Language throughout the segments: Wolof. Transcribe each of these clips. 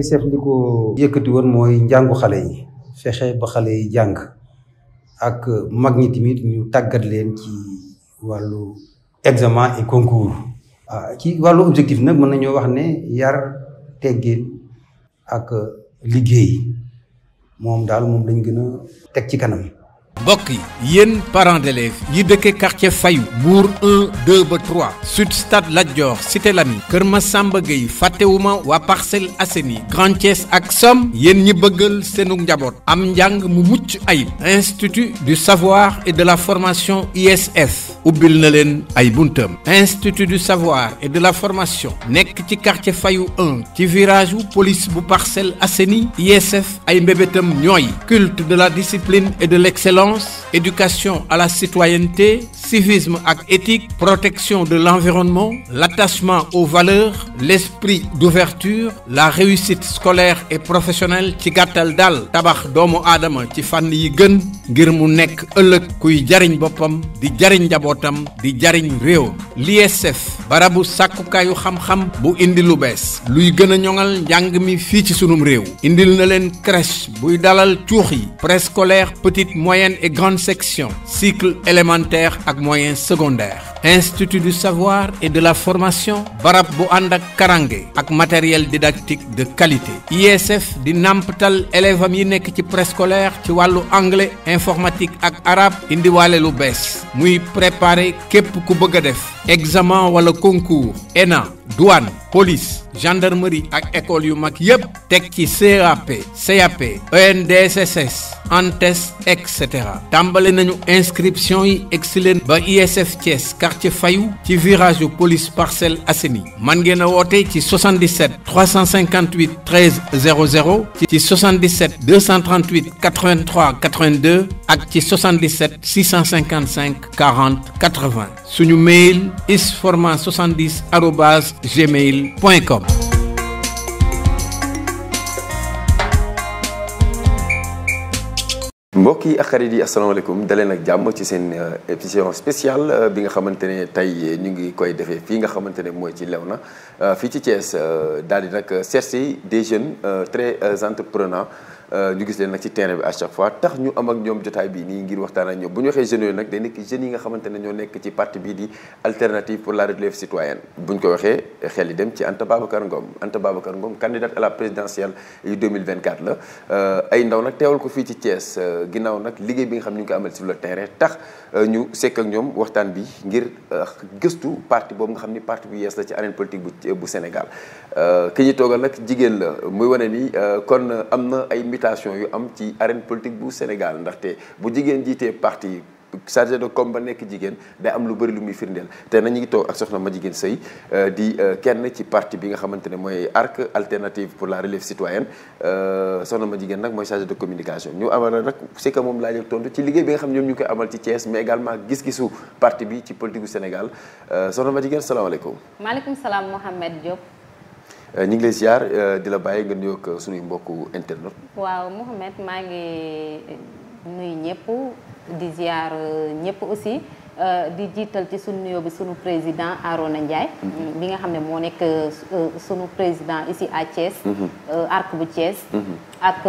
UNICEF li yëkkati woon mooy njàngu xale yi fexe ba xale yi jàng ak mag ñi tamit ñu tàggat leen ci wàllu examen et concours. Ah, ci wàllu objectif nag mën nañoo wax ne yar teggin ak liggéey moom daal moom lañ gën a teg ci kanam. mbokk yi yéen parents d'élèves yi deke quartier Fayu Mbour 1 2 ba 3 Sud Stade Lat Cité l'ami. Kër samba Gueye fàttewuma waa parcelle asseni, Grand Thiès ak yen yéen ñi bëggal seenu njaboot am njàng mu mucc Institut du savoir et de la formation ISF ubbil na leen ay Institut du savoir et de la formation Nek ci quartier Fayu 1 ci virage police bu parcelle asseni, ISF ay mbébétam ñooy culte de la discipline et de l'excellence Éducation à la citoyenneté civisme et éthique, protection de l'environnement, l'attachement aux valeurs, l'esprit d'ouverture, la réussite scolaire et professionnelle ci Dal, domo Domo doomu yigun ci Girmounek yi Kui ngir mu kuy di jariñ njabootam di l'ISF barabu Sakukayu xam-xam bu indi lu bees luy gën Fichi sunum Rio, indil na crèche buy dalal cuux scolaire, préscolaire petite moyenne et grande section cycle élémentaire moyen secondaire institut du savoir et de la formation barab bu Karangé ak matériel didactique de qualité ISF di Namptal élève qui yi nek préscolaire ci anglais informatique ak arabe indiwaale lu bess muy préparer képp ku bëgg def examen concours ENA douane police gendarmerie ak école yu mag yépp CAP CAP ENDSSS ANTES etc inscription yi excellent ba ISF quartier Fayou qui virage au police parcelle Asseni. Mangena Wote, qui 77 358 13 00 77 238 83 82 et 77 655 40 80 suñu mail isforma 70 mbokk yi ak xarit yi asalaamaaleykum daleen ak jàmm ci seen euh, émission spéciale euh, bi nga xamante ne tey ñu ngi koy defee fii nga xamante ne mooy ci lew Léona euh, fii ci Thiès daal di nag chercher des jeunes très entrepreneurs Euh, ñu gis leen nag ci terrain bi à chaque fois tax ñu am ak ñoom jotaay bi nii ngir waxtaan ak ñoom bu ñu waxee jeunes yooyu nag day nekk jeunes yi nga xamante ne ñoo nekk ci parti bii di alternative pour la relève citoyenne bu ñu ko waxee xel yi dem ci Anta Babacar Ngom Anta Babacar Ngom candidate à la présidentielle yu la euh, ay ndaw nag teewal ko fii ci Thiès euh, ginnaaw nag liggéey bi nga xam ñu ngi ko amal sur le terrain tax ñu sekk ak ñoom waxtaan bi ngir gëstu parti boobu nga xam ni parti bu yees la ci arène politique bu bu Sénégal toogal nag jigéen la muy wane ni kon am na ay cohabitation yu am ci arène politique bu Sénégal ndaxte bu jigéen jiitee parti chargé de com ba nekk jigéen day am lu bëri lu muy firndeel te nañu ngi toog ak soxna ma jigéen sëy euh, di euh, kenn ci parti bi nga xamante ne mooy arc alternative pour la relève citoyenne euh, soxna ma jigéen nag mooy chargé de communication ñu amal nag c'est que moom laa jël tontu ci liggéey bi nga xam ñoom ñu koy amal ci Thiès mais également gis-gisu parti bi ci politique gu Sénégal soxna ma salaamaaleykum. Euh, ñu ngi lay ziar euh, di la bàyyi nga nuyoog euh, suñuy mbokku internet. waaw Mouhamed maa ngi nuyu ñëpp di ziar ñëpp aussi. Euh, di jiital ci sunu nuyoo bi sunu président Arona Ndiaye. Mhm. bi nga xamné mo moo nekk euh, sunu président ici à Thiès. Mhm. Euh, arc bu Thiès. Mhm. ak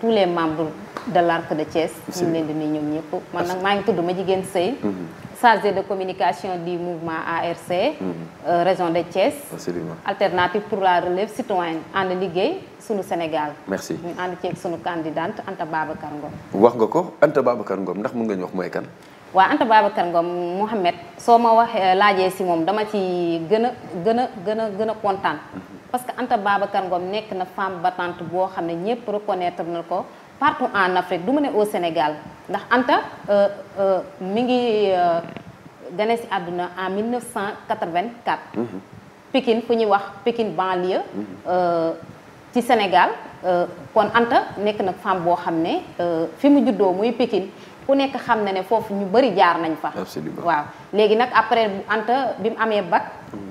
tous les membres de l'arc de Thiès. ñu leen di nuyu ñoom ñëpp man nak ma ngi tuddu ma jigen sëy chargé de communication du mouvement ARC. raison de Thiès. alternative pour la relève citoyenne en liggéey sunu Sénégal. merci ñu ànd ci sunu candidate Anta Babacar Ngom. wax nga ko Anta Babacar Ngom ndax mën nga ñu wax moy kan. waa Anta Babacar Ngom Mouhamed soo ma waxee euh, laajee si moom dama ci gën a gën a gën a gën a kontaan mhm. parce que Anta Babacar Ngom nekk na femme battante boo xam ne ñëpp reconnaître na ko partout en Afrique du ma ne au Sénégal ndax Anta euh, euh, mi ngi gane si àdduna en 1984. Mhm. Pikine fu ñuy wax Pikine banlieue. Mhm. ci Sénégal kon Anta nekk na femme boo xam ne fi mu juddoo muy Pikine. ku nekk xam na ne foofu ñu bëri jaar nañ fa. waaw léegi nag après Anta bi mu amee bac. Mm.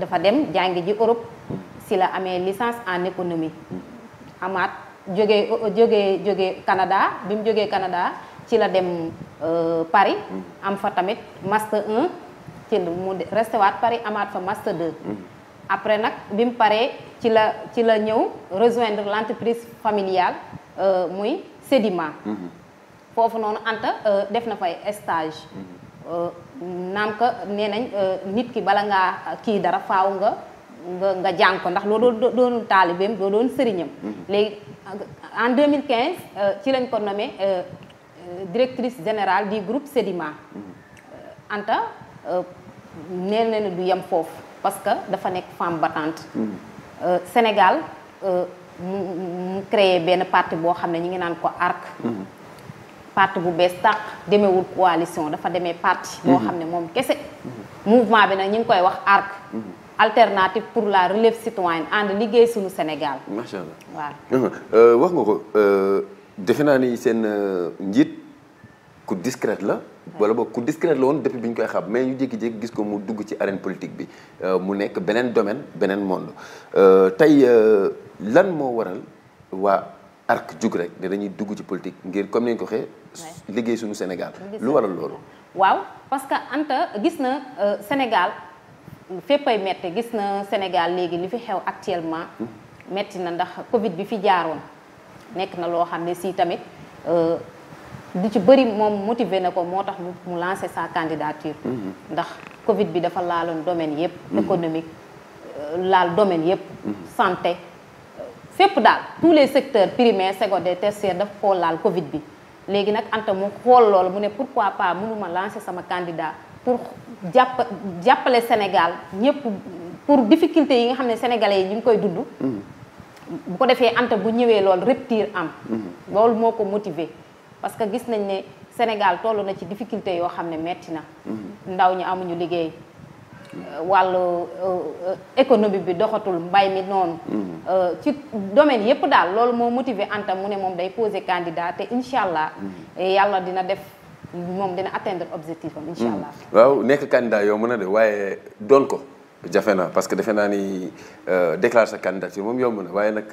dafa dem jàngi ji Europe. Mm. si la amee licence en économie. Mm. amaat jógee jógee jógee Canada bi mu jógee Canada ci la dem euh, Paris. am fa tamit master 1 ci mu resté waat Paris amaat fa master 2. après nag bi mu paree ci la ci la ñëw rejoindre l' entreprise familiale euh, muy Sedima. Mm-hmm. foofu noonu Anta euh, def na fay stage mhm. euh, naam ka nee nañ euh, nit ki bala ngaa kii dara faaw nga nga nga jàng ko ndax loo doo doon taalibeem doo doon sëriñam mhm. léegi en 2015 ci lañ ko nommé directrice générale du groupe Sedima mhm. Anta nee na ne du yem foofu parce que dafa nekk femme battante Sénégal mu créer benn parti boo xam ne ñu ngi naan ko ARC parti bu bees tàq demewul coalition dafa demee parti bo mhm. xamné mom kessé mouvement bi nak ñing koy wax ARC mhm. alternative pour la relève citoyenne and liggéey suñu Sénégal macha allah waaw euh, wax nga ko euh, defe naa ni seen euh, njiit ku discrète la wala bok ku discrète la won depuis biñ koy xam mais ñu jékki-jékki gis ko mu dugg ci arène politique bi mu nekk benen domaine benen monde euh tay lan mo waral wa arc jug rek ne dañuy dugg ci politique ngir comme niñ ko xé liggéey suñu Sénégal. lu waral lolu waaw parce que Anta gis na euh, Sénégal féppay metti gis na Sénégal légui li fi xew actuellement. Hmm. metti na ndax Covid bi fi jaaroon nek na lo xamné si tamit. euh du ci bëri mom motivé nako motax mu lancer sa candidature. Hmm. ndax Covid bi dafa laalon domaine yépp hmm. économique euh, laal domaine yépp santé fépp daal tous les secteurs primaire secondaire tertiaire daf koo laal Covid bi léegi nag Anta mu xool loolu mu ne pourquoi pas mënuma lancer sama candidat pour jàpp jàppale Sénégal ñëpp pour difficulté yi nga xam ne sénégalais yi ñu ngi koy dund. Mm-hmm. bu ko defee Anta bu ñëwee loolu rupture am. Mm-hmm. loolu moo ko motiver parce que gis nañ ne Sénégal toll na ci difficulté yoo xam ne metti na. Mm-hmm. ndaw ñi amuñu liggéey. wàllu euh, économie bi doxatul mbay mi noonu. Mm-hmm. Euh, ci domaine yépp daal loolu moo motiver Anta mu ne moom day poser candidat te incha allah. Mm-hmm. Eh, yàlla dina def moom dina atteindre objectif am. incha allah mm-hmm. waaw nekk candidat yow mën a de waaye doon ko. jafe na parce que defe naa ni euh, déclarer sa candidature moom yomb na waaye nag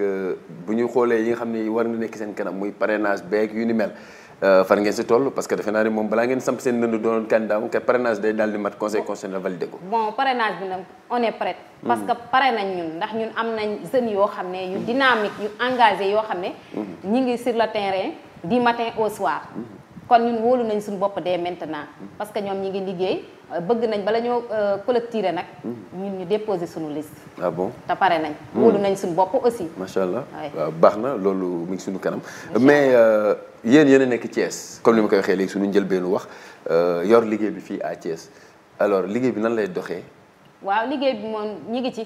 bu ñu xoolee yi nga xam ne war na nekk seen kanam muy parrainage beeg yu ni mel. Euh, far ngeen si toll parce que defe naa ne moom balaa ngeen samp seen nënd doon candidat mu kay parrainage day daal di mat conseil constitutionnel validé ko. bon parrainage bi nag on est prêt. parce que pare nañ ñun ndax ñun am nañ jeunes yoo xam ne yu dynamique yu engagé yoo xam ne. Mm-hmm. ñi ngi sur le terrain du matin au soir. Mm-hmm. kon ñun wóolu nañ suñu bopp dee maintenant parce que ñoom ñi ngi liggéey euh, bëgg nañ bala ñoo euh, collecter nag ñun ñu déposer suñu liste ah bon te pare nañ wóolu nañ suñ bopp aussi macha allah waaw baax na loolu mu ngi suñu kanam mais euh, yéen yéen a nekk Thiès comme li ma koy waxee léegi suñu njëlbeenu wax yor liggéey bi fii à Thiès alors liggéey bi nan lay doxee waaw liggéey bi moom ñi ngi ci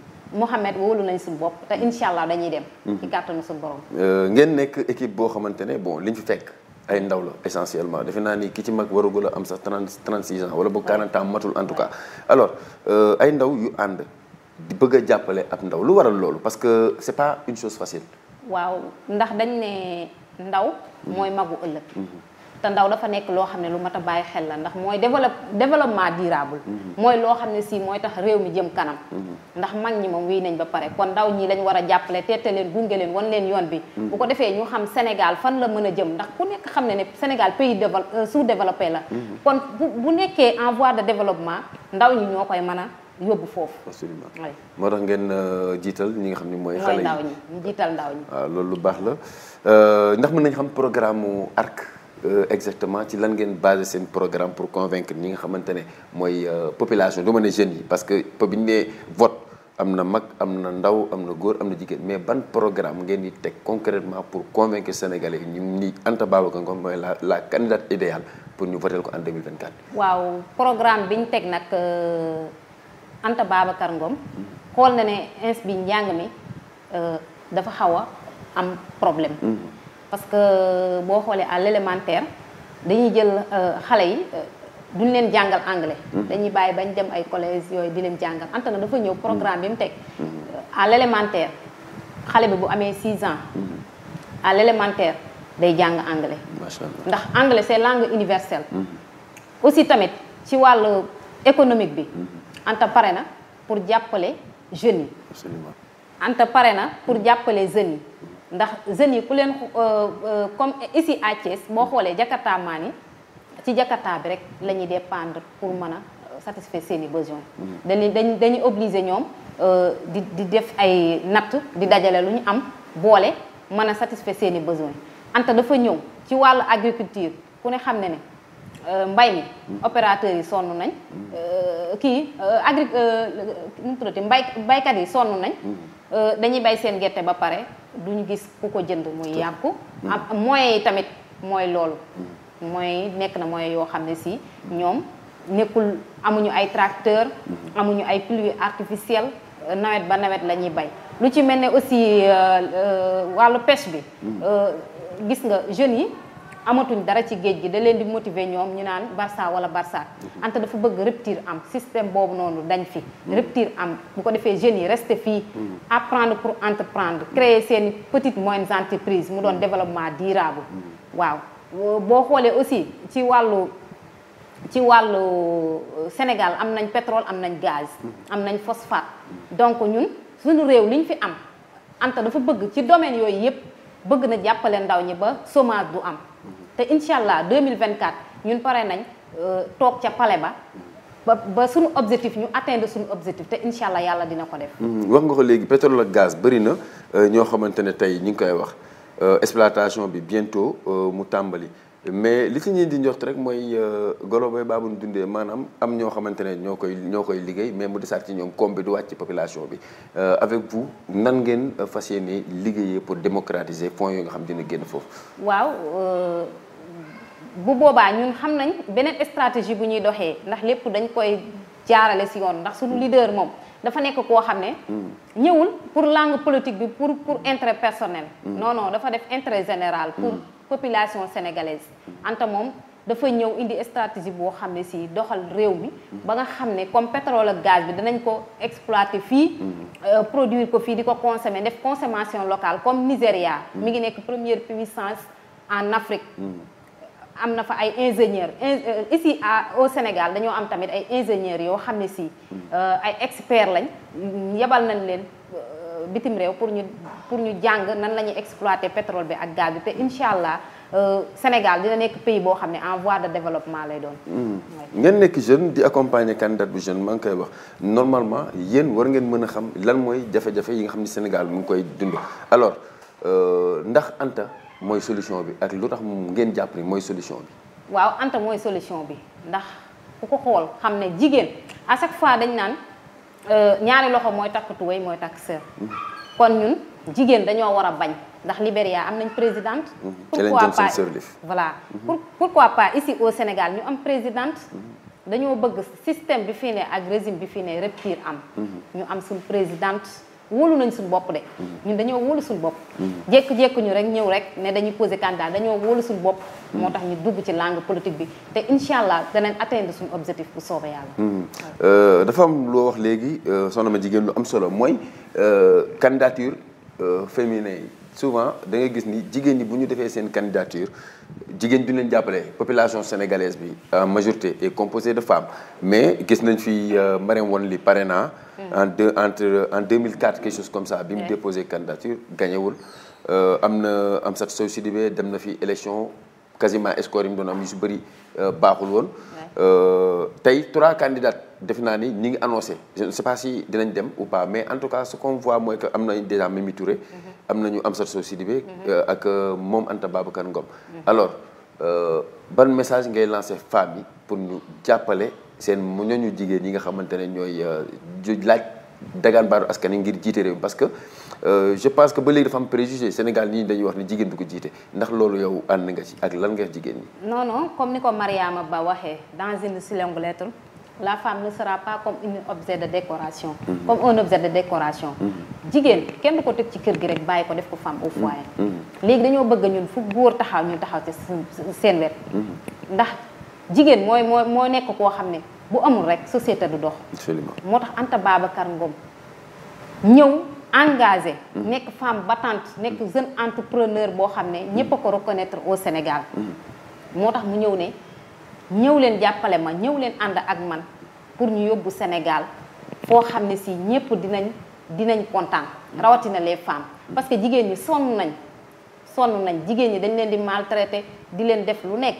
Mouhamed wóolu nañ suñu bopp te incha allah dañuy dem. Mhm. ci kàttanu suñu borom. Euh, ngeen nekk équipe boo xamante ne bon li ñu fi fekk ay ndaw la essentiellement defe naa ni ki ci mag waragul am sax trente trente six ans wala boog quarante ans matul en tout cas alors euh, ay ndaw yu ànd di bëgg a jàppale ab ndaw lu waral loolu parce que c'est pas une chose facile. waaw ndax dañ ne ndaw. Mhm. mooy magu ëllëg. Mhm. te ndaw dafa nekk loo xam ne lu mat a bàyyi xel la ndax mooy développe développement durable mm-hmm. mooy loo xam ne si mooy tax réew mi jëm kanam mm-hmm. ndax mag ñi moom wii nañ ba pare kon ndaw ñi lañ war a jàppale teete leen gunge leen wan leen yoon bi mm-hmm. bu ko defee ñu xam Sénégal fan la mën a jëm ndax ku nekk xam ne ne Sénégal pays euh, sous-développé la kon bu bu nekkee en voie de développement ndaw ñi ñoo koy mën a yóbbu foofu. absolument moo tax ngeen euh, jiital ñi nga xam ni mooy. xale yi mooy ñu jiital ndaw loolu lu baax la euh, ndax mën nañ xam programme mu Euh, exactement ci lan ngeen basé sen programme pour convaincre ñi nga xamantene moy euh, population duma ne yi parce que bi ñu nee vote amna na mag ndaw amna na amna jigen mais ban programme ngeen di tek concrètement pour convaincre Sénégalais ni Anta Babacar Ngom moy la la candidate idéale pour ñu voter ko en 2024. waaw programme bi tek nak euh, Anta Babacar Ngom xol na né ins bi njàng mi dafa xawa am problème. Mm-hmm. parce que boo xoolee à l'élémentaire dañuy jël euh, xale yi euh, duñ leen jàngal anglais. Mm-hmm. dañuy bàyyi bañ dem ay collège yooyu di leen jàngal Anta nag dafa ñëw programme bi mu teg. Mm-hmm. à l'élémentaire xale bi bu amee 6 ans. Mm-hmm. à l'élémentaire day jàng anglais. macha allah ndax anglais c'est langue universelle. aussi tamit ci wàllu économique bi. Anta pare na pour jàppale jeunes yi. absolument Anta pare na pour jàppale jeunes yi. ndax jeunes yi ku leen euh, euh, comme ici à Thiès boo xoolee Jakarta maan yi ci Jakarta bi rek la ñuy dépendre pour mën a satisfaire seeni i besoins. Mm. dañuy dañuy dañuy obligé ñoom euh, di di def ay natt di dajale lu ñu am boole mën a satisfaire seen i besoins. Anta dafa ñëw ci wàllu agriculture ku ne xam ne ne. mbay mi mm. opérateurs yi sonnu nañ mm. kii agri nu mu tuddati mbay yi sonn nañ dañuy bay seen gerte ba pare duñu gis ku ko jënd muy yàqu mm. am moyens yi tamit mooy loolu mm. mooy nekk na moyens yoo xam ne si mm. ñoom nekkul amuñu ay tracteur amuñu ay pluie artificielle euh, nawet ba nawet la ñuy bay lu ci mel ne aussi euh, euh, wàllu pêche bi gis nga jeunes yi amatuñ dara ci géej gi da leen di motiver ñoom ñu naan Barça wala Barça mhm. Anta dafa bëgg rupture am système boobu noonu dañ fi mhm. rupture am bu ko defee jeunes yi rester fii mhm. apprendre pour entreprendre créer seen petite moyennes entreprise mu doon développement durable waaw euh, boo xoolee aussi ci wàllu ci wàllu euh, Sénégal am nañ pétrole am nañ gaz am nañ phosphate donc ñun suñu réew liñ fi am Anta dafa bëgg ci domaine yooyu yëpp bëgg na jàppale ndaw ñi ba chômage du am te incha allah 2024 ñun pare nañ euh, toog ca pale ba ba ba suñu objectif ñu atteindre suñu objectif te incha allah yàlla dina ko def. Mm-hmm. wax nga ko léegi pétrole ak gaz bëri na euh, ñoo xamante ne tey ñu ngi koy wax euh, exploitation bi bientôt mu tàmbali. mais li ci ñuy rek moy qui dundé am ño mais ci population euh, avec vous nan ngeen euh, fas pour démocratiser fonds yi nga xam dina génn euh, stratégie bu ñuy doxé ndax lépp dañ koy jaarale mm. leader dafa ne. Mm. pour langue politique pour pour intérêt personnel. Mm. non non dafa def intérêt général population sénégalaise Anta moom dafa ñew indi stratégie bo xamné ci doxal réew mi ba nga xamné comme pétrole ak gaz bi danañ ko exploiter fii euh, produire ko fi diko consommer def consommation locale comme Nigeria, mi ngi nek première puissance en Afrique amna fa ay ingénieurs euh, ici au Sénégal dañu am tamit ay ingénieurs yo xamné ci si euh, ay experts lañ yabal nañ leen bitim réew pour ñu pour ñu jàng nan la ñuy exploiter pétrole bi ak gaz bi te incha allah euh, Sénégal dina nekk pays boo xam ne envoie de développement lay doon. Hmm. ngeen nekk jeune di accompagner candidat bu jeune maa ngi koy wax normalement yéen war ngeen mën a xam lan mooy jafe-jafe yi nga xam ni Sénégal mu ngi koy dund. alors euh, ndax Anta mooy solution bi ak lu tax moom ngeen jàpp ni mooy solution bi. waaw Anta mooy solution bi ndax ku ko xool xam ne jigéen à chaque fois dañ naan. Euh, ñaari loxo mooy takk tuwéy mooy takk sër kon ñun jigéen dañoo war a bañ ndax Libéria am nañ présidente mhm. pourquoi pas voilà mhm. pour pourquoi pas ici au Sénégal ñu am présidente mhm. dañoo bëgg système bi fii ne ak régime bi fii ne rupture am ñu am suñ présidente wóolu nañ suñ bopp de mm-hmm. ñun dañoo wóolu suñ bopp mm-hmm. jékku-jékku ñu rek ñëw rek ne dañu posé candidat dañoo wóolu suñ bopp mm-hmm. moo tax ñu dugg ci langue politique bi te incha allah danañ atteindre suñu objectif bu soobee yàlla euh, dafa am loo wax léegi euh, soxna ma jigéen lu am solo mooy euh, candidature féminin yi souvent da nga gis ni jigéen ñi bu ñu defee seen candidature jigéen du leen jàppale population sénégalaise bi majorité et composé de femmes mais gis nañ fi Mariam Won li parrainant en entre en 2004 quelque chose comme ça bi mu déposé candidature gañewul euh, am na Amsatou Sow Sidibé dem na fi élection quasiment score yi mu doon am yu si bëri euh, euh, trois candidats def annoncés. annoncé je ne sais pas si dinañ dem ou pas mais en tout cas ce qu'on voit mooy que am a déjà Mimi Touré. Mhm. am nañu Amsatou Sow Sidibé. Mhm. ak moom Anta Babacar Ngom. Mhm. alors ban message ngay lancé femmes pour nous appeler seen mu ñooñu jigéen ñi nga xamante ne ñooy euh, laaj dagaan baaru askan ngir jiite parce que euh, je pense que ba léegi dafa am préjugé Sénégal ni dañuy wax ni jigéen du ko jiite ndax lolu yow and nga ci ak lan nga jigéen ni non non comme niko Mariama Ba waxé dans une lettre la femme ne sera pas comme une objet de décoration. Mm-hmm. comme un objet de décoration. Mm-hmm. jigéen kenn du ko teg ci kër gi rek bàyyi ko def ko femme au foyer. Mm-hmm. légui dañu bëgg ñun fu goor taxaw ñu taxaw ci sen wet. ndax jigen moy mooy moo nekk koo xam bu amul rek société du dox. absolument motax Anta Babacar Ngom ñëw engagé. Mm. nek femme battante nek mm. jeune entrepreneur bo xam mm. ñepp ko reconnaître au Sénégal. motax mu ñëw ne ñëw len jappalé ma ñëw len and ak man pour ñu yobbu Sénégal fo xam si ñepp dinañ dinañ rawati na les femmes parce que jigen ñi sonn nañ. sonn nañ jigéen ñi dañ leen di maltraité di leen def lu nekk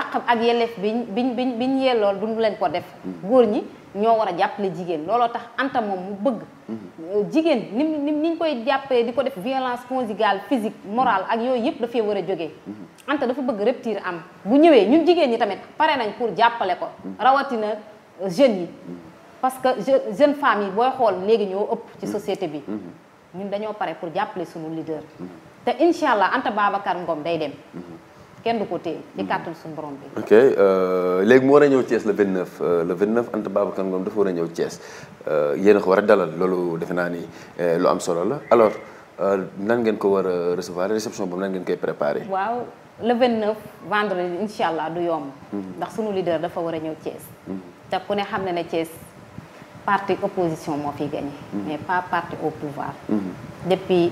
àq ak yelleef biñ biñ bi biñ yellool duñu leen ko def góor ñi ñoo war a jàppale jigéen looloo tax Anta moom mu bëgg jigéen nim ni niñ koy jàppee di ko def violence conjugale physique morale ak yooyu yëpp dafay war a jógee Anta dafa bëgg rupture am bu ñëwee ñun jigéen ñi tamit pare nañ pour jàppale ko rawatina jeunes yi parce que jeune femme yi booy xool léegi ñoo ëpp ci société bi mm-hmm. ñun dañoo pare pour jàppale sunu leader te incha allah Anta Babacar Ngom day dem. kenn du ko téye ci kàttan suñu borom bi. ok euh, léegi mu war a ñëw Thiès le 29 euh, le 29 Anta Babacar Ngom dafa war a ñëw Thiès euh, yéen a ko war a dalal loolu defe naa ni lu am solo la alors nan ngeen ko war a recevoir réception boobu nan ngeen koy préparer. waaw le 29 vendredi incha allah du yomb. Mhm. ndax suñu leader dafa war a ñëw Thiès. Mhm. te ku ne xam ne ne Thiès parti opposition moo fi gagné. Mhm. mais pas parti au pouvoir. depuis.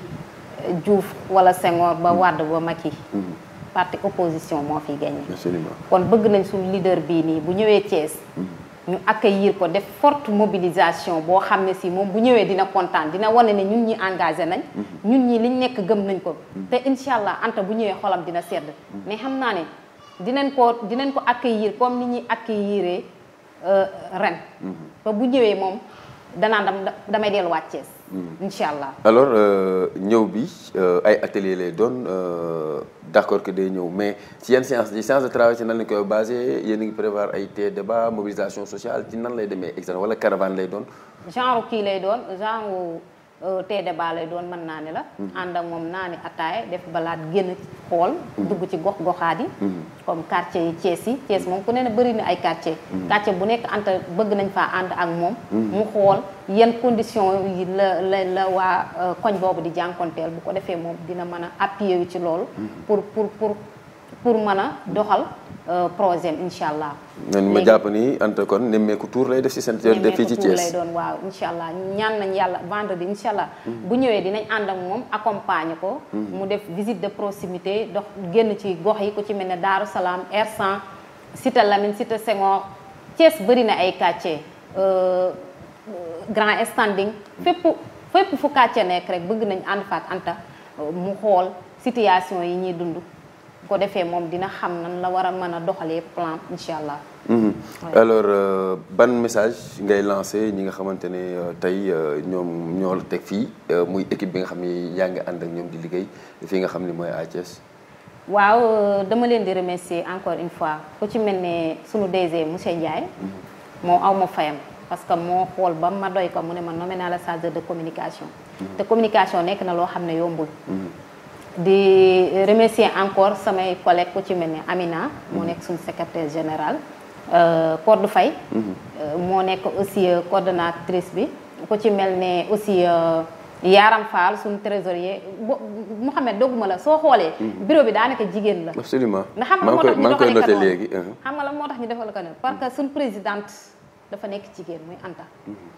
Diouf wala Senghor ba mm. Wade ba Macky mm. parti opposition moo fiy gagné kon bëgg nañ suñu leader bii nii bu ñëwee Thiès mm. ñu accueillir ko def forte mobilisation boo xam ne si moom bu ñëwee dina kontaan dina wane ne ñun ñi engagé nañ ñun ñi liñ nekk gëm nañ ko te incha allah Anta bu ñëwee xolam dina sedd mais xam naa ne dinañ ko dinañ ko accueillir comme ni ñuy accueillir euh, ren mm-hmm. ba bu ñëwee moom danaan dam damay delluwaat Thiès Hmm. incha allah alors euh, ñëw bi euh, ay atelier lay donne? Euh, d' accord que day ñëw mais ci yenn séance yi séance de travail ci nan lañ koy basé yéen a ngi prévoir ay té débat mobilisation sociale ci nan lay demee exemple wala caravane lay doon genre kii lay doon genre Euh, teede baa lay doon mën naa ne la mhm. ànd ak moom naa ni ataaya def balaat génn xool mhm. dugg ci gox goxaat yi mhm. comme quartier yi Thiès yi Thiès moom ku ne ne bëri na ay quartier quartier bu nekk anta bëgg nañ faa ànd ak moom mu xool yan condition yi la la la waa euh, koñ boobu di jànkonteel bu ko defee moom dina mën a appuyer yu ci loolu pour pour pour pour mën a doxal euh, projet am incha allah. léegi ma jàpp ni Anta kon nemmeeku tuur lay def si seen. def fii ci Thiès lay doon waaw incha allah ñaan nañ yàlla vendredi incha allah. Mm-hmm. bu ñëwee dinañ ànd ak moom accompagner ko. Mm-hmm. mu def visite de proximité dox génn ci gox yi ku ci mel ne Daaru Salaam R100 Cité Lamine Cité Senghor Thiès bëri na ay quartier euh, grand standing fépp fépp fu quartier nekk rek bëgg nañ ànd faak Anta euh, mu xool situation yi ñuy dund. bu ko defee moom dina xam nan la war a mën a doxalee plan incha allah. Mhm. alors euh, ban message ngay lancé ñi nga xamante ne euh, tey euh, ñoom ñoo la teg fii muy équipe bi nga xam ni yaa ngi ànd ak ñoom di liggéey fii nga xam ni mooy Thiès. waaw dama leen di remercier encore une fois ku ci mel ne sunu DG monsieur Ndiaye. Mhm. moo aw ma fayam parce que moo xool ba ma doy ko mu ne ma nommé naa la chargé de communication. Mhm. te communication nekk na loo xam ne yombul. di remercier encore samay collègues ko ci mel Amina. mo nek sun secrétaire général. Euh, Codou Faye. mo mhm. euh, nek aussi euh, coordinatrice bi. ko ci mel ne aussi Yaram Fall sun trésorier mohamed Mouhamed dogguma la soo xoolee. Mhm. bureau bi daanaka jigen la. absolument xam nga motax uh-huh. ñu defal ko noonu. parce que sun présidente dafa nek jigen muy Anta. Mhm.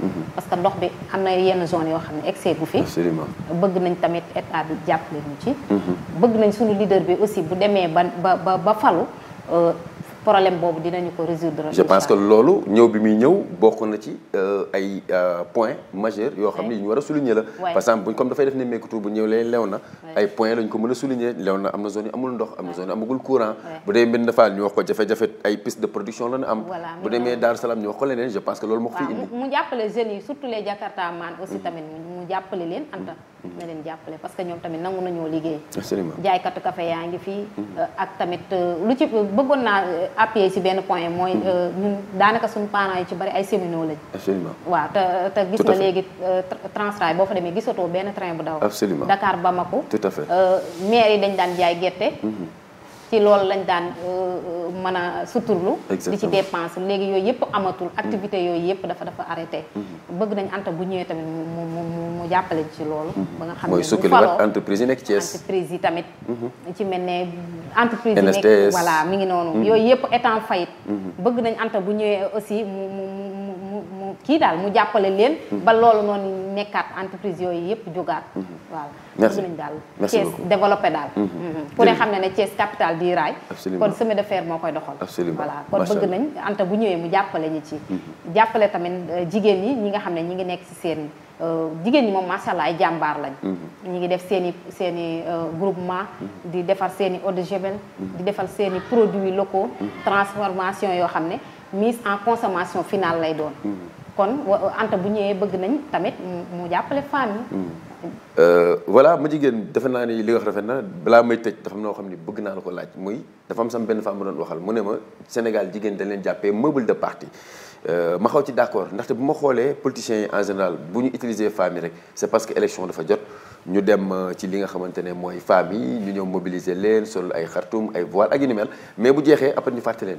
Mhm. parce que ndox bi xam na yenn zone yoo xam ne excès gu fi. bëgg nañ tamit état bi jàppale ñu ci. Mhm. bëgg nañ suñu leader bi aussi bu demee ba ba ba falu. Euh, problème bobu dinañu ko résoudre. je pense que lolu ñew bi mi ñew bokku na ci euh, ay euh, points majeurs yo xamni ñu wara souligner la. par exemple buñ comme da fay def ne mékkutu bu ñew leen lew ay points lañ ko mëna souligner lew amna zone amul ndox amna zone yu amagul courant. bu dé Mbène Fall ñu wax ko jafé jafe ay piste de production lañ am. bu demee dar Salaam ñu wax ko leneen je pense que lolu mo ko fi indi. mu jappalé jeunes yi surtout les jakarta man aussi tamen mu jàppale leen Anta. na leen jàppale parce que ñoom tamit nangu nañoo liggéey jaaykatu café yaa ngi fii mm-hmm. euh, ak tamit euh, lu ci bëggoon naa euh, appuyer ci benn point mooy mm-hmm. ñun daanaka suñu parents yi ci bari ay cheminots lañ waaw te te gis na léegi Transrail boo fa demee gisatoo benn train bu daw Dakar Bamako tout à fait maire yi dañ daan jaay gerte mm-hmm. ci loolu lañ daan euh, euh, mën a suturlu di ci dépense léegi yooyu yëpp amatul mm-hmm. activité yooyu yëpp dafa dafa arrêté mm-hmm. bëgg nañ Anta bu ñëwee tamit mu mu mu jàppale ci loolu mm-hmm. ba nga xam ne mooy sukkaliwaat entreprise yi nekk yi tamit ci mel ne entreprise yi nekk voilà mi ngi noonu yooy yëpp étant faillite bëgg nañ Anta bu ñëwee aussi mu mu kii daal mu jàppale leen. Mm-hmm. ba loolu noonu nekkaat entreprise yooyu yëpp jógaat. Mm-hmm. waaw merci nañ daal. merci Thiès développé daal. Mm-hmm. ku ne xam ne ne Thiès capital di raay. kon chemin de fer moo koy doxal. absolument voilà kon bëgg nañ Anta bu ñëwee mu jàppale ñu ci. jàppale tamit euh, jigéen ñi ñi nga xam ne ñi ngi nekk ci seen. Euh, jigéen ñi moom macha allah ay jàmbaar lañ. ñu ngi def seen i seen i euh, groupement. di defar seeni i eau de javel. di defal seen i produits locaux. transformation yoo xam ne mise en consommation finale lay doon. kon Anta bu ñëwee bëgg nañ tamit mu jàppale femme euh, yi. ma jigéen defe naa ni li nga rafet na balaa may tëj dafa noo xam ni bëgg naa la ko laaj muy am sama benn femme bu doon waxal mu ne ma Sénégal jigéen dañ jàppee meuble de parti. Euh, ma xaw ci d'accord ndaxte bu ma xoolee politiciens yi en bu ñu utiliser femmes yi rek c'est parce que élection dafa jot ñu dem euh, ci li nga xamante ne mooy femmes yi ñu ñëw mobiliser leen sol ay xartum ay voile ak yu mais bu jeexee après ñu fàtte leen.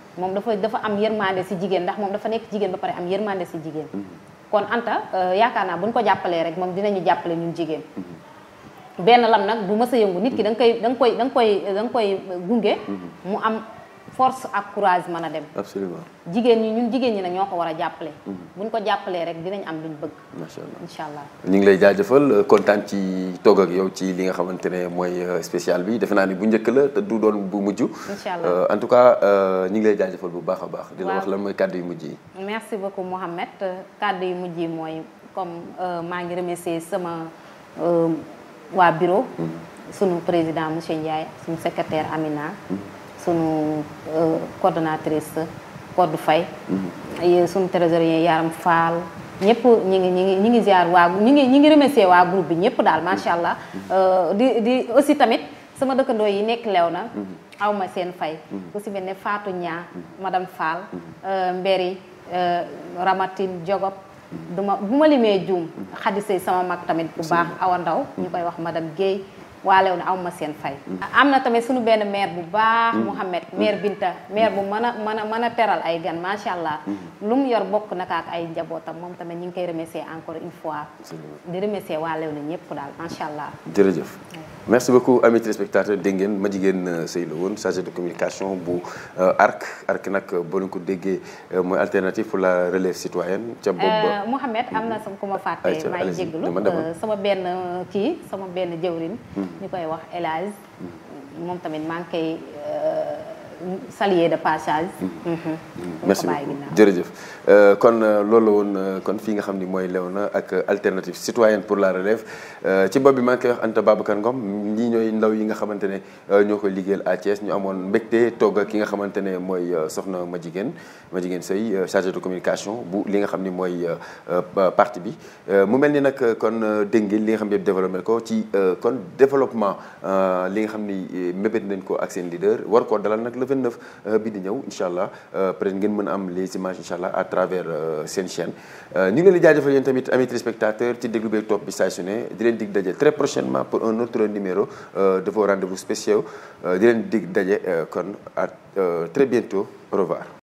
moom dafa dafa am yërmande si jigéen ndax moom dafa nekk jigéen ba pare am yërmande si jigéen mm-hmm. kon Anta euh, yaakaar naa bu ñu ko jàppalee rek moom dinañu jàppale ñun jigéen mm-hmm. benn lam nag du mës a yëngu nit ki da nga koy danga koy da koy da koy gunge mm-hmm. mu am force ak courage mën a dem. absolument jigéen ñi ñun jigéen ñi nag ñoo ko war a jàppale. Mm-hmm. buñ ko jàppalee rek dinañ am luñ bëgg. macha allah incha allah. ñu ngi lay jaajëfal kontaan ci toog ak yow ci li nga xamante ne mooy euh, spécial bi defe naa ni bu njëkk la te du doon bu mujj. incha allah euh, en tout cas euh, ñu ngi lay jaajëfal bu baax a baax. dina la wax lan mooy kàddu yu mujj yi. merci beaucoup Mouhamed kàddu yu mujj yi mooy comme maa ngi remercier sama waa bureau. Mm-hmm. sunu président monsieur Ndiaye sunu secrétaire Amina. Mm-hmm. sunu eh, coordonnatrice Codou e mhm. sunu trésorier Yaram Fall. ñëpp ñi ngi ñi ngi ñi ngi ziar waa ñi ngi ñi ngi remercier waa groupe bi ñëpp daal mhm. macha allah. Mhm. Eh, di di aussi tamit sama dëkkandoo yi nekk Léona. aw ma seen fay. ku si Fatou Niang madame Fall. Eh, Mbéri Ramatine Diogop. duma bu ma limee juum. xadisay sama mag tamit bu baax awa ndaw wax madame Guèye. walew na awma sen fay amna tamé tamit suñu benn maire bu baax mm. mohammed maire mm. Binta maire bu mana mana mana a teral ay gan machallah mm. lum yor bok nak ak ay njabotam mom tamé ñing koy remercier encore une fois di remercier walew na ñepp dal machallah jerejeuf merci beaucoup amis téléspectateurs dégg ngeen ma jigen euh, sëy won chargé de communication bu euh, arc arc nak euh, boo leen ko déggé moy alternative pour la relève citoyenne ci boobu mohammed amna na mm-hmm. sama ku ma fàtte maa sama ben ki sama ben jëwrin ñu koy wax El Hadj moom tamit maa ngi koy saluer de passage. Mm-hmm. Mm-hmm. Mm-hmm. merci beaucoup jërëjëf. Euh, kon euh, loolu la woon euh, kon fii nga xam ni mooy na ak alternative citoyenne pour la relève ci bopp bi maa ngi koy wax Anta Babacar Ngom ñii ñooy ndaw yi nga xamante ne ñoo koy liggéeyal à Thiès ñu amoon mbégte togg ki nga xamante ne mooy soxna ma jigéen ma jigéen Sey chargé de communication bu li nga xam ni mooy parti bi mu mel ni nag kon dégg ngeen li nga xam ne développé ko ci kon développement li nga xam ni mébét nañ ko ak seen leader 29 euh, bi di ñëw inshallah euh, peut-être ngeen mëna am les images inshallah à travers euh, seen chaîne ñu ngi leen di jaajëfal yéen tamit amis téléspectateurs ci déglu beeg topp bi saa di leen dig dajé très prochainement pour un autre numéro de vos rendez-vous spéciaux di leen dig daje kon à très bientôt au revoir